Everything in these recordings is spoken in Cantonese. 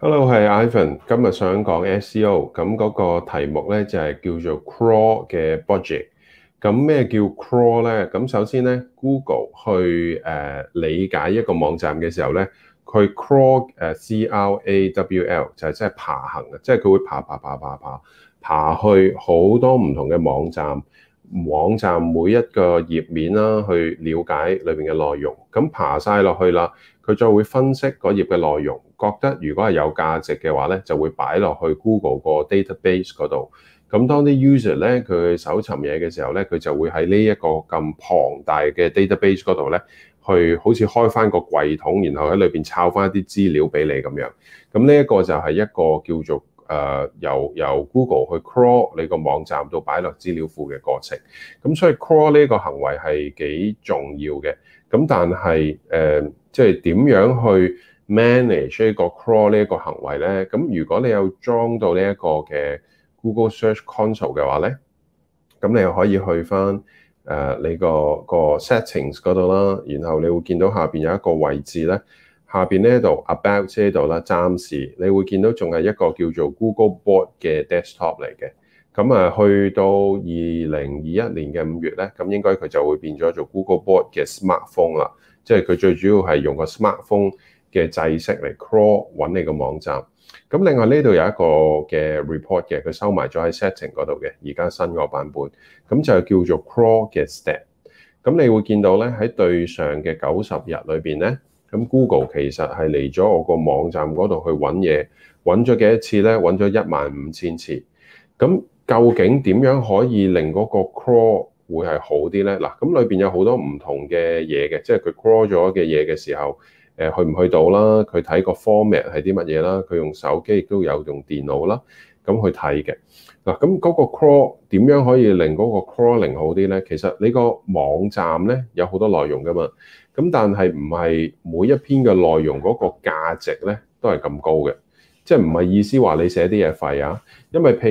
Hello，係 Ivan，今日想講 SEO，咁嗰個題目咧就係、是、叫做 crawl 嘅 budget。咁咩叫 crawl 咧？咁首先咧，Google 去誒、呃、理解一個網站嘅時候咧，佢 crawl 誒、uh, crawl 就係即係爬行啊，即係佢會爬爬爬爬爬爬，爬去好多唔同嘅網站。網站每一個頁面啦，去了解裏邊嘅內容。咁爬晒落去啦，佢再會分析嗰頁嘅內容，覺得如果係有價值嘅話咧，就會擺落去 Google 個 database 嗰度。咁當啲 user 咧，佢搜尋嘢嘅時候咧，佢就會喺呢一個咁龐大嘅 database 嗰度咧，去好似開翻個櫃桶，然後喺裏邊抄翻一啲資料俾你咁樣。咁呢一個就係一個叫做。誒、呃、由由 Google 去 crawl 你個網站到擺落資料庫嘅過程，咁所以 crawl 呢一個行為係幾重要嘅。咁但係誒，即係點樣去 manage 呢個 crawl 呢一個行為咧？咁如果你有裝到呢一個嘅 Google Search Console 嘅話咧，咁你又可以去返誒、呃、你個個 settings 嗰度啦，然後你會見到下邊有一個位置咧。下邊呢度 About 呢度啦，暫時你會見到仲係一個叫做 Google Bot 嘅 Desktop 嚟嘅。咁啊，去到二零二一年嘅五月咧，咁應該佢就會變咗做 Google Bot 嘅 Smartphone 啦。即係佢最主要係用個 Smartphone 嘅制式嚟 crawl 揾你個網站。咁另外呢度有一個嘅 Report 嘅，佢收埋咗喺 Setting 嗰度嘅。而家新個版本，咁就叫做 Crawl 嘅 Step。咁你會見到咧喺對上嘅九十日裏邊咧。咁 Google 其實係嚟咗我個網站嗰度去揾嘢，揾咗幾多次咧？揾咗一萬五千次。咁究竟點樣可以令嗰個 crawl 會係好啲咧？嗱，咁裏邊有好多唔同嘅嘢嘅，即係佢 crawl 咗嘅嘢嘅時候，誒去唔去到啦？佢睇個 format 係啲乜嘢啦？佢用手機亦都有，用電腦啦。咁去睇嘅嗱，咁嗰個 crawl 點樣可以令嗰個 crawling 好啲咧？其實你個網站咧有好多內容噶嘛，咁但係唔係每一篇嘅內容嗰個價值咧都係咁高嘅，即係唔係意思話你寫啲嘢廢啊？因為譬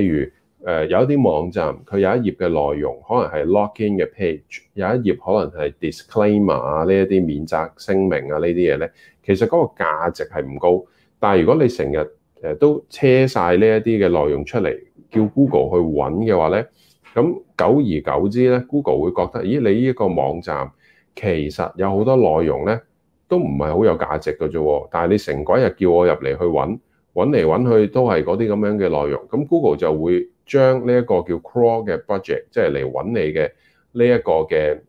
如誒有一啲網站，佢有一頁嘅內容可能係 login 嘅 page，有一頁可能係 disclaimer 啊，呢一啲免責聲明啊呢啲嘢咧，其實嗰個價值係唔高，但係如果你成日，誒都車晒呢一啲嘅內容出嚟，叫 Google 去揾嘅話咧，咁久而久之咧，Google 會覺得，咦你呢一個網站其實有好多內容咧，都唔係好有價值㗎咋喎。但係你成鬼日叫我入嚟去揾，揾嚟揾去都係嗰啲咁樣嘅內容，咁 Google 就會將呢一個叫 crawl 嘅 budget，即係嚟揾你嘅呢一個嘅。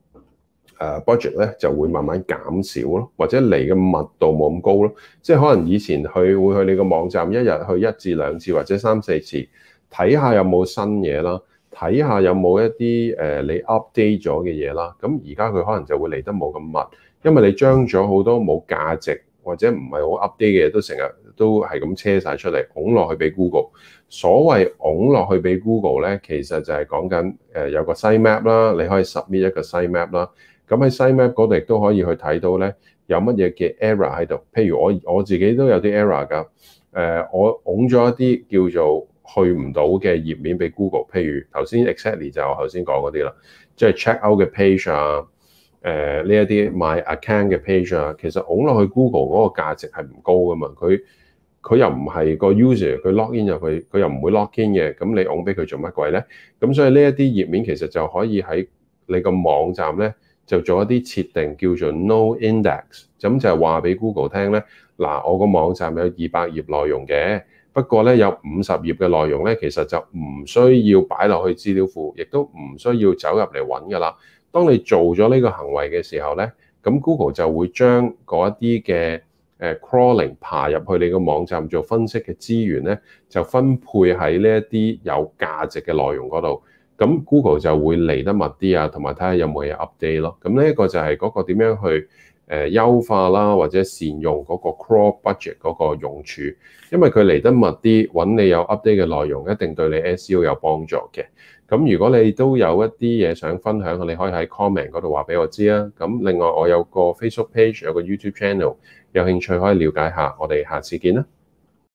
誒、uh, budget 咧就會慢慢減少咯，或者嚟嘅密度冇咁高咯，即係可能以前佢會去你個網站一日去一至兩次或者三四次，睇下有冇新嘢啦，睇下有冇一啲誒、uh, 你 update 咗嘅嘢啦，咁而家佢可能就會嚟得冇咁密，因為你將咗好多冇價值或者唔係好 update 嘅嘢都成日都係咁車晒出嚟拱落去俾 Google。所謂拱落去俾 Google 咧，其實就係講緊誒、uh, 有個 site map 啦，你可以 submit 一個 site map 啦。咁喺 sitemap 嗰度亦都可以去睇到咧，有乜嘢嘅 error 喺度。譬如我我自己都有啲 error 㗎，誒、呃，我掹咗一啲叫做去唔到嘅頁面俾 Google。譬如頭先 exactly 就我頭先講嗰啲啦，即係 check out 嘅 page 啊，誒呢一啲 my account 嘅 page 啊，其實掹落去 Google 嗰個價值係唔高㗎嘛。佢佢又唔係個 user，佢 log in 入去佢又唔會 log in 嘅。咁你掹俾佢做乜鬼咧？咁所以呢一啲頁面其實就可以喺你個網站咧。就做一啲設定叫做 No Index，咁就係話俾 Google 聽咧。嗱，我個網站有二百頁內容嘅，不過咧有五十頁嘅內容咧，其實就唔需要擺落去資料庫，亦都唔需要走入嚟揾㗎喇。當你做咗呢個行為嘅時候咧，咁 Google 就會將嗰一啲嘅誒 crawling 爬入去你個網站做分析嘅資源咧，就分配喺呢一啲有價值嘅內容嗰度。咁 Google 就會嚟得密啲啊，同埋睇下有冇嘢 update 咯。咁呢一個就係嗰個點樣去誒優化啦，或者善用嗰個 crawl budget 嗰個用處，因為佢嚟得密啲揾你有 update 嘅內容，一定對你 SEO 有幫助嘅。咁如果你都有一啲嘢想分享，你可以喺 comment 嗰度話俾我知啊。咁另外我有個 Facebook page，有個 YouTube channel，有興趣可以了解下。我哋下次見啦。